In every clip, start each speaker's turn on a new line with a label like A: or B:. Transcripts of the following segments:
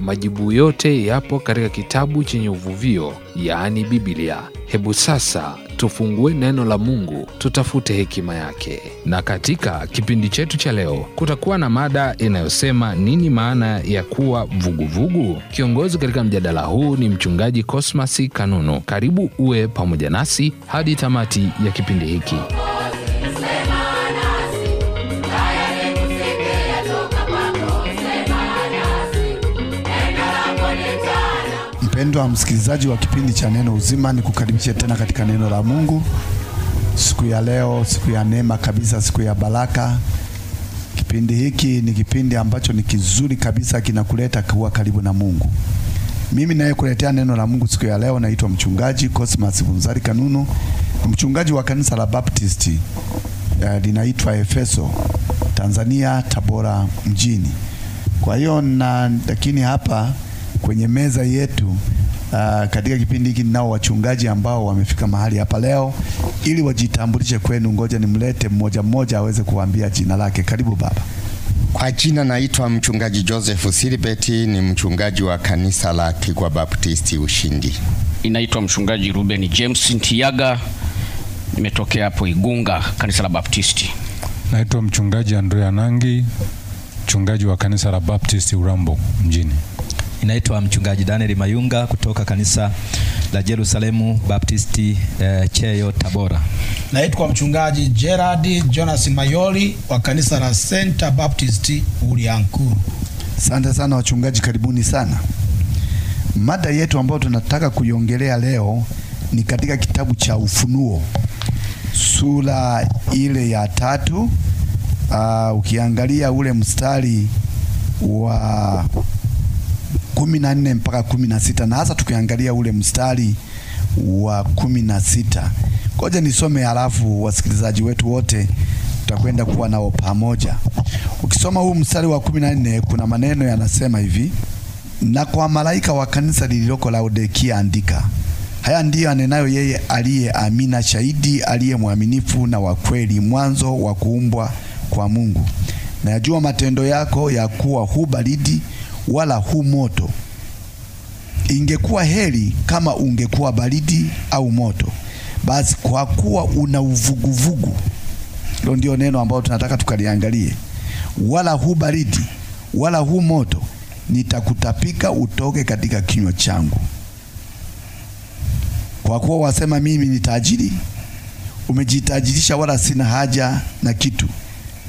A: Majibu yote yapo katika kitabu chenye uvuvio, yaani Biblia. Hebu sasa tufungue neno la Mungu, tutafute hekima yake. Na katika kipindi chetu cha leo kutakuwa na mada inayosema nini maana ya kuwa vuguvugu vugu? Kiongozi katika mjadala huu ni mchungaji Cosmas Kanunu. Karibu uwe pamoja nasi hadi tamati ya kipindi hiki.
B: Mpendwa msikilizaji wa kipindi cha Neno Uzima, ni kukaribisha tena katika neno la Mungu siku ya leo, siku ya neema kabisa, siku ya baraka. Kipindi hiki ni kipindi ambacho ni kizuri kabisa, kinakuleta kuwa karibu na Mungu. Mimi nayekuletea neno la Mungu siku ya leo naitwa mchungaji Cosmas Bunzari Kanunu, mchungaji wa kanisa la Baptisti eh, linaitwa Efeso, Tanzania, Tabora mjini. Kwa hiyo na lakini hapa kwenye meza yetu Uh, katika kipindi hiki nao wachungaji ambao wamefika mahali hapa leo ili wajitambulishe kwenu. Ngoja nimlete mmoja mmoja aweze kuambia jina lake. Karibu baba.
C: Kwa jina naitwa mchungaji Joseph Silibeti, ni mchungaji wa kanisa la Kigwa
D: Baptisti Ushindi. Inaitwa mchungaji Ruben James Ntiyaga, nimetokea hapo Igunga, kanisa la Baptisti.
E: Naitwa mchungaji Andrea Nangi,
F: mchungaji wa kanisa la Baptisti Urambo mjini inaitwa Mchungaji Daniel Mayunga kutoka kanisa la Jerusalemu Baptisti eh, Cheyo Tabora.
E: Naitwa Mchungaji Gerard Jonas Mayoli wa kanisa la Center Baptist
B: Uliankuru. Asante sana wachungaji, karibuni sana. Mada yetu ambayo tunataka kuiongelea leo ni katika kitabu cha Ufunuo sura ile ya tatu. Uh, ukiangalia ule mstari wa kumi na nne mpaka kumi na sita na hasa tukiangalia ule mstari wa kumi na sita Ngoja nisome halafu wasikilizaji wetu wote tutakwenda kuwa nao pamoja. Ukisoma huu mstari wa kumi na nne kuna maneno yanasema hivi: na kwa malaika wa kanisa lililoko Laodikia andika, haya ndiyo anenayo yeye aliye Amina, shahidi aliye mwaminifu na wa kweli, mwanzo wa kuumbwa kwa Mungu. Nayajua matendo yako ya kuwa hu baridi wala hu moto. Ingekuwa heri kama ungekuwa baridi au moto, basi kwa kuwa una uvuguvugu. Hilo ndio neno ambalo tunataka tukaliangalie, wala hu baridi wala hu moto, nitakutapika utoke katika kinywa changu. Kwa kuwa wasema mimi ni tajiri, umejitajirisha, wala sina haja na kitu,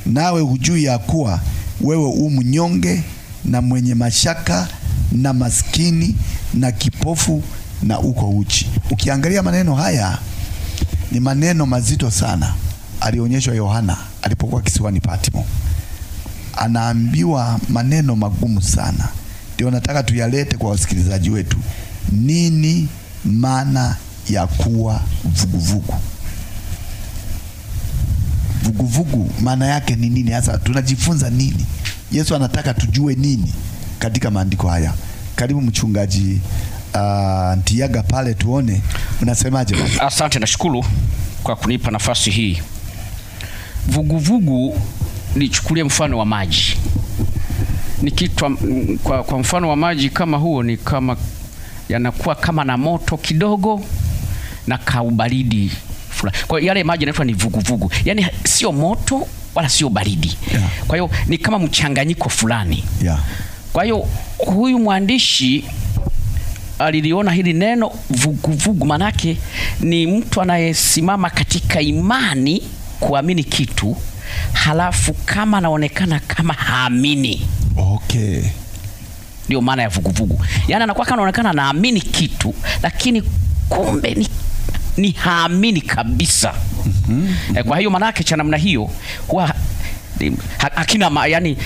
B: nawe hujui ya kuwa wewe u mnyonge na mwenye mashaka na maskini na kipofu na uko uchi. Ukiangalia maneno haya ni maneno mazito sana alionyeshwa Yohana alipokuwa kisiwani Patmo, anaambiwa maneno magumu sana. Ndio nataka tuyalete kwa wasikilizaji wetu. Nini maana ya kuwa vuguvugu? Vuguvugu maana yake ni nini hasa? Tunajifunza nini? Yesu anataka tujue nini katika maandiko haya? Karibu mchungaji uh, Ntiaga pale, tuone unasemaje.
D: Asante, nashukuru kwa kunipa nafasi hii. Vuguvugu nichukulie mfano wa maji ni kitu kwa, kwa mfano wa maji kama huo, ni kama yanakuwa kama na moto kidogo na kaubaridi fulani. Kwa yale maji yanaitwa ni vuguvugu, yaani sio moto wala sio baridi yeah. Kwa hiyo ni kama mchanganyiko fulani yeah. Kwa hiyo huyu mwandishi aliliona hili neno vuguvugu, manake ni mtu anayesimama katika imani kuamini kitu, halafu kama anaonekana kama haamini. Okay, ndio maana ya vuguvugu, yaani anakuwa kama anaonekana anaamini kitu, lakini kumbe ni, ni haamini kabisa mm -hmm. kwa hiyo manake cha namna hiyo huwa hakina ma, yani,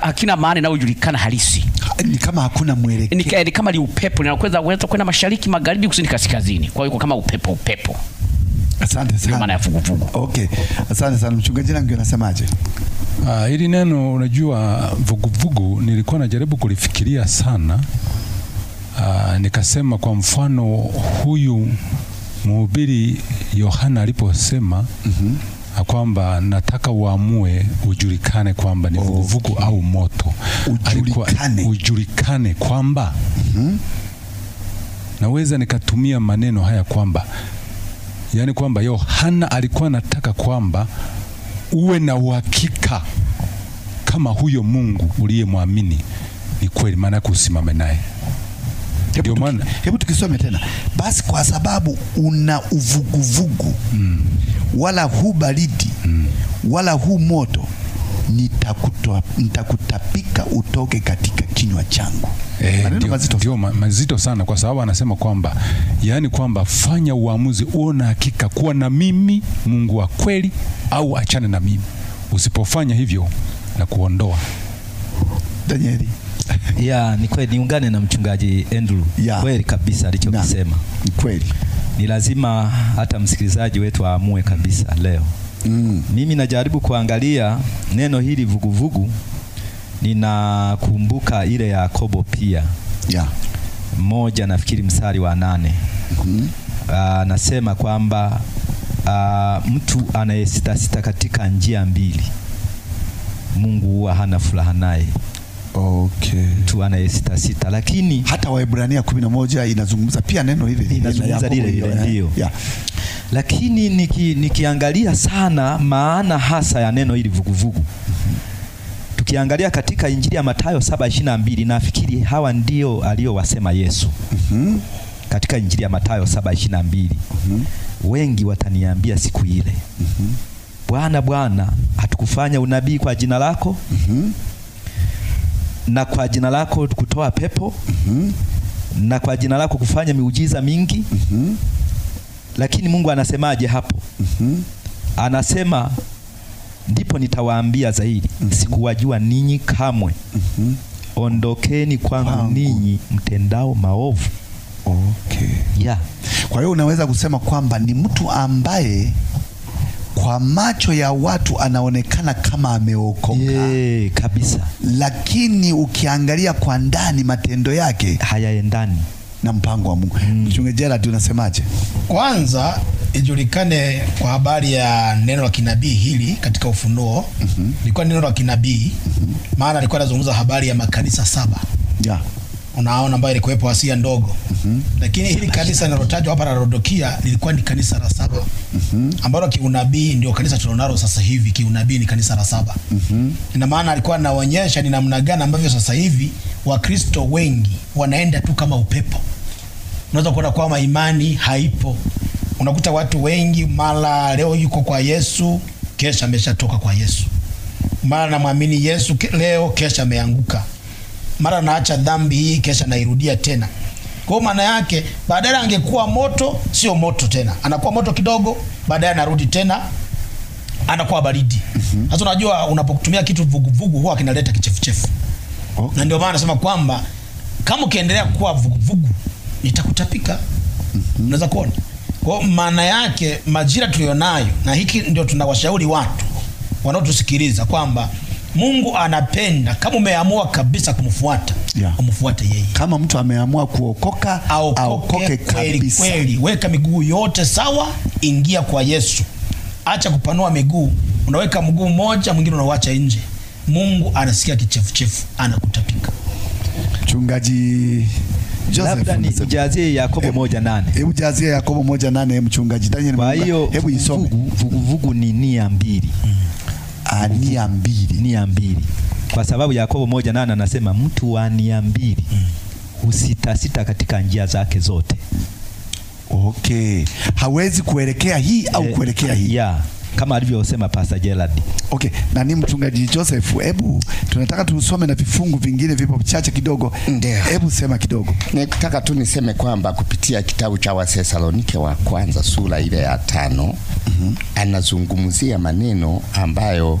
D: hakina maana inayojulikana halisi
B: ni kama hakuna mwelekeo,
D: ni, ni kama ni upepo linaweza kwenda mashariki, magharibi, kusini, kaskazini. Kwa hiyo kama upepo upepo. Asante sana, maana ya
B: vuguvugu. Okay, asante sana mchungaji. Nangu anasemaje? Ah, hili neno unajua,
E: vuguvugu nilikuwa najaribu kulifikiria sana. Uh, nikasema kwa mfano huyu mhubiri Yohana aliposema mm -hmm. kwamba nataka uamue ujulikane kwamba ni vuguvugu okay. au moto ujulikane, ujulikane kwamba mm -hmm. naweza nikatumia maneno haya kwamba yaani kwamba Yohana alikuwa anataka kwamba uwe na uhakika kama huyo Mungu uliyemwamini ni kweli, maana yake usimame naye. Ndio maana
B: hebu tukisome tena, basi kwa sababu una uvuguvugu mm. wala hu baridi mm. wala hu moto nitakutoa nitakutapika utoke katika kinywa changu. Eh, ndio mazito. mazito sana, kwa sababu
E: anasema kwamba yaani kwamba fanya uamuzi, uwe na hakika kuwa na mimi Mungu wa kweli, au achane na mimi. Usipofanya hivyo na kuondoa
B: Danieli
F: ya ni kweli niungane na mchungaji Andrew Ya, Kweli kabisa alichokisema ni kweli, ni lazima hata msikilizaji wetu aamue kabisa leo mm. Mimi najaribu kuangalia neno hili vuguvugu ninakumbuka ile ya Yakobo pia ya. Moja nafikiri msari wa nane mm -hmm. Nasema kwamba ah, mtu anayesitasita katika njia mbili Mungu huwa hana furaha naye okay. tu ana sita sita, lakini hata Waebrania kumi na moja inazungumza pia neno hili inazungumza lile lile, ndio lakini niki, nikiangalia sana maana hasa ya neno hili vuguvugu tukiangalia katika Injili ya Mathayo 7:22 nafikiri hawa ndio aliyowasema Yesu mm -hmm. katika Injili ya Mathayo 7:22 mm -hmm. wengi wataniambia siku ile mm -hmm. Bwana Bwana, hatukufanya unabii kwa jina lako? mm -hmm na kwa jina lako kutoa pepo mm -hmm. na kwa jina lako kufanya miujiza mingi mm -hmm. Lakini Mungu anasemaje hapo? mm -hmm. Anasema ndipo nitawaambia zaidi mm -hmm. sikuwajua ninyi kamwe mm -hmm. Ondokeni kwangu, ninyi mtendao maovu. Okay. Yeah. Kwa hiyo unaweza kusema kwamba ni mtu ambaye
B: kwa macho ya watu anaonekana kama ameokoka yeah, kabisa, lakini ukiangalia kwa ndani matendo yake hayaendani na mpango wa Mungu. Mm. Mchungaji Gerald unasemaje? Kwanza ijulikane kwa habari
E: ya neno la kinabii hili katika Ufunuo mm -hmm. Ilikuwa neno la kinabii mm -hmm. Maana alikuwa anazungumza habari ya makanisa saba yeah unaona, ambayo ilikuwepo Asia ndogo mm -hmm. Lakini hili kanisa linalotajwa hapa la Rodokia lilikuwa ni kanisa la saba mm -hmm. ambalo kiunabii ndio kanisa tulionalo sasa hivi. Kiunabii ni kanisa la saba mm -hmm. Ina maana alikuwa anaonyesha ni namna gani ambavyo sasa hivi Wakristo wengi wanaenda tu kama upepo. Unaweza kuona kwamba imani haipo. Unakuta watu wengi mara leo yuko kwa Yesu, kesha ameshatoka kwa Yesu, mara namwamini Yesu leo, kesha ameanguka mara naacha dhambi hii, kesha nairudia tena. Kwa hiyo maana yake baadaye angekuwa moto, sio moto tena, anakuwa moto kidogo, baadaye anarudi tena anakuwa baridi. Mhm. Sasa mm -hmm. Unajua, unapotumia kitu vuguvugu vugu, huwa kinaleta kichefuchefu okay. Na ndio maana nasema kwamba kama ukiendelea kuwa vuguvugu nitakutapika. mm -hmm. Unaweza kuona kwao maana yake majira tuliyonayo na hiki ndio tunawashauri watu wanaotusikiliza kwamba Mungu anapenda kama umeamua kabisa kumfuata
B: yeah. Umfuate yeye. Kama mtu ameamua kuokoka,
E: aokoke kabisa. Kweli, weka miguu yote sawa, ingia kwa Yesu, acha kupanua miguu. Unaweka mguu mmoja, mwingine unauacha nje. Mungu anasikia
B: kichefuchefu, anakutapika. Mchungaji ujazie
F: Yakobo moja nane.
B: jazie Yakobo moja nane, mchungaji Daniel. Kwa hiyo hebu isome
F: vuguvugu ni nia mbili mm nia mbili. Nia mbili, kwa sababu Yakobo moja nane anasema mtu wa nia mbili husitasita hmm. katika njia zake zote. Okay, hawezi kuelekea hii au eh, kuelekea hii yeah
B: kama alivyosema Pastor Gerald. Okay, na ni mchungaji Joseph, hebu tunataka tusome na vifungu vingine vipo chache kidogo. Ndio. Hebu sema kidogo.
C: Nataka tu niseme kwamba kupitia kitabu cha Wathesalonike wa kwanza sura ile ya tano mm -hmm. anazungumzia maneno ambayo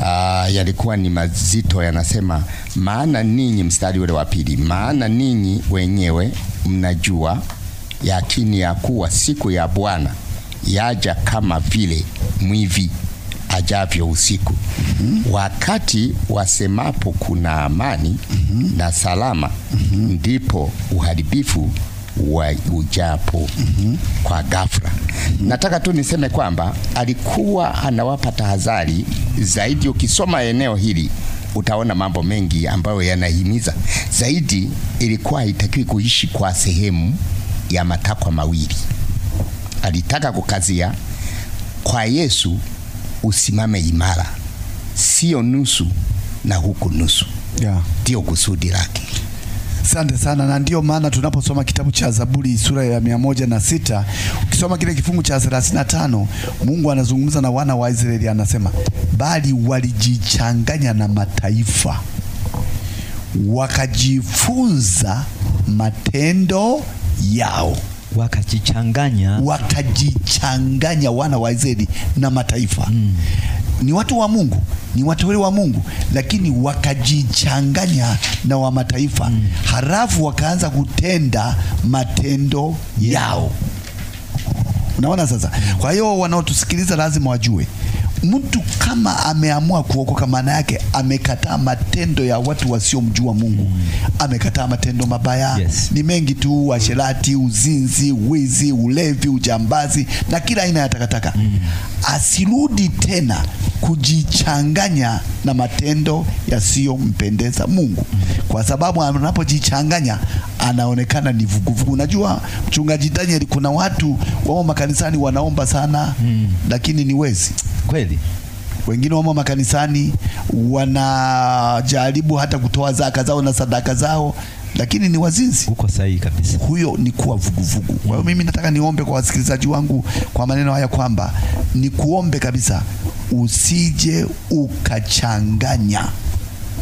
C: Uh, yalikuwa ni mazito, yanasema maana ninyi, mstari ule wa pili, maana ninyi wenyewe mnajua yakini ya kuwa siku ya Bwana yaja kama vile mwivi ajavyo usiku. mm -hmm. Wakati wasemapo kuna amani mm -hmm. na salama mm -hmm. ndipo uharibifu wa ujapo mm -hmm. kwa ghafla mm -hmm. Nataka tu niseme kwamba alikuwa anawapa tahadhari zaidi. Ukisoma eneo hili utaona mambo mengi ambayo yanahimiza zaidi. Ilikuwa haitakiwi kuishi kwa sehemu ya matakwa mawili alitaka kukazia kwa Yesu, usimame imara, sio nusu na huku nusu, ndio yeah. kusudi lake.
B: Asante sana, na ndiyo maana tunaposoma kitabu cha Zaburi sura ya mia moja na sita ukisoma kile kifungu cha thelathini na tano Mungu anazungumza na wana wa Israeli, anasema bali walijichanganya na mataifa wakajifunza matendo yao wakajichanganya, wakajichanganya wana wa Israeli na mataifa mm. Ni watu wa Mungu, ni wateule wa Mungu, lakini wakajichanganya na wa mataifa mm. Halafu wakaanza kutenda matendo yao. Unaona sasa? Hmm. Kwa hiyo wanaotusikiliza lazima wajue mtu kama ameamua kuokoka, maana yake amekataa matendo ya watu wasiomjua Mungu, amekataa matendo mabaya yes. Ni mengi tu, washerati, uzinzi, wizi, ulevi, ujambazi na kila aina ya takataka mm. Asirudi tena kujichanganya na matendo yasiyompendeza Mungu mm. Kwa sababu anapojichanganya anaonekana ni vuguvugu. Unajua mchungaji Daniel, kuna watu wao makanisani wanaomba sana mm. lakini ni wezi kweli wengine wamo makanisani wanajaribu hata kutoa zaka zao na sadaka zao, lakini ni wazinzi. Uko sahihi kabisa, huyo ni kuwa vuguvugu kwa Hiyo mimi nataka niombe kwa wasikilizaji wangu kwa maneno haya kwamba ni kuombe kabisa, usije ukachanganya,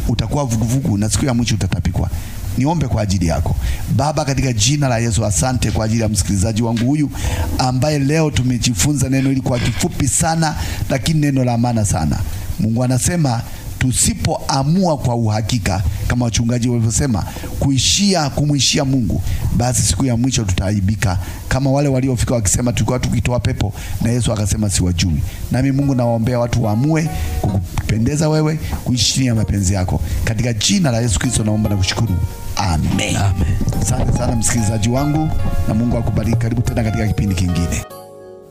B: utakuwa vuguvugu na siku ya mwisho utatapikwa. Niombe kwa ajili yako Baba, katika jina la Yesu. Asante kwa ajili ya msikilizaji wangu huyu ambaye leo tumejifunza neno hili kwa kifupi sana, lakini neno la maana sana. Mungu anasema tusipoamua kwa uhakika kama wachungaji walivyosema, kuishia kumwishia Mungu, basi siku ya mwisho tutaaibika, kama wale waliofika wakisema tulikuwa tukitoa pepo na Yesu akasema siwajui. Nami Mungu nawaombea watu waamue kukupendeza wewe, kuishi mapenzi yako, katika jina la Yesu Kristo naomba na kushukuru. Amen. sante sana msikilizaji wangu,
A: na Mungu akubariki. Karibu tena katika kipindi kingine.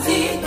D: Brasil.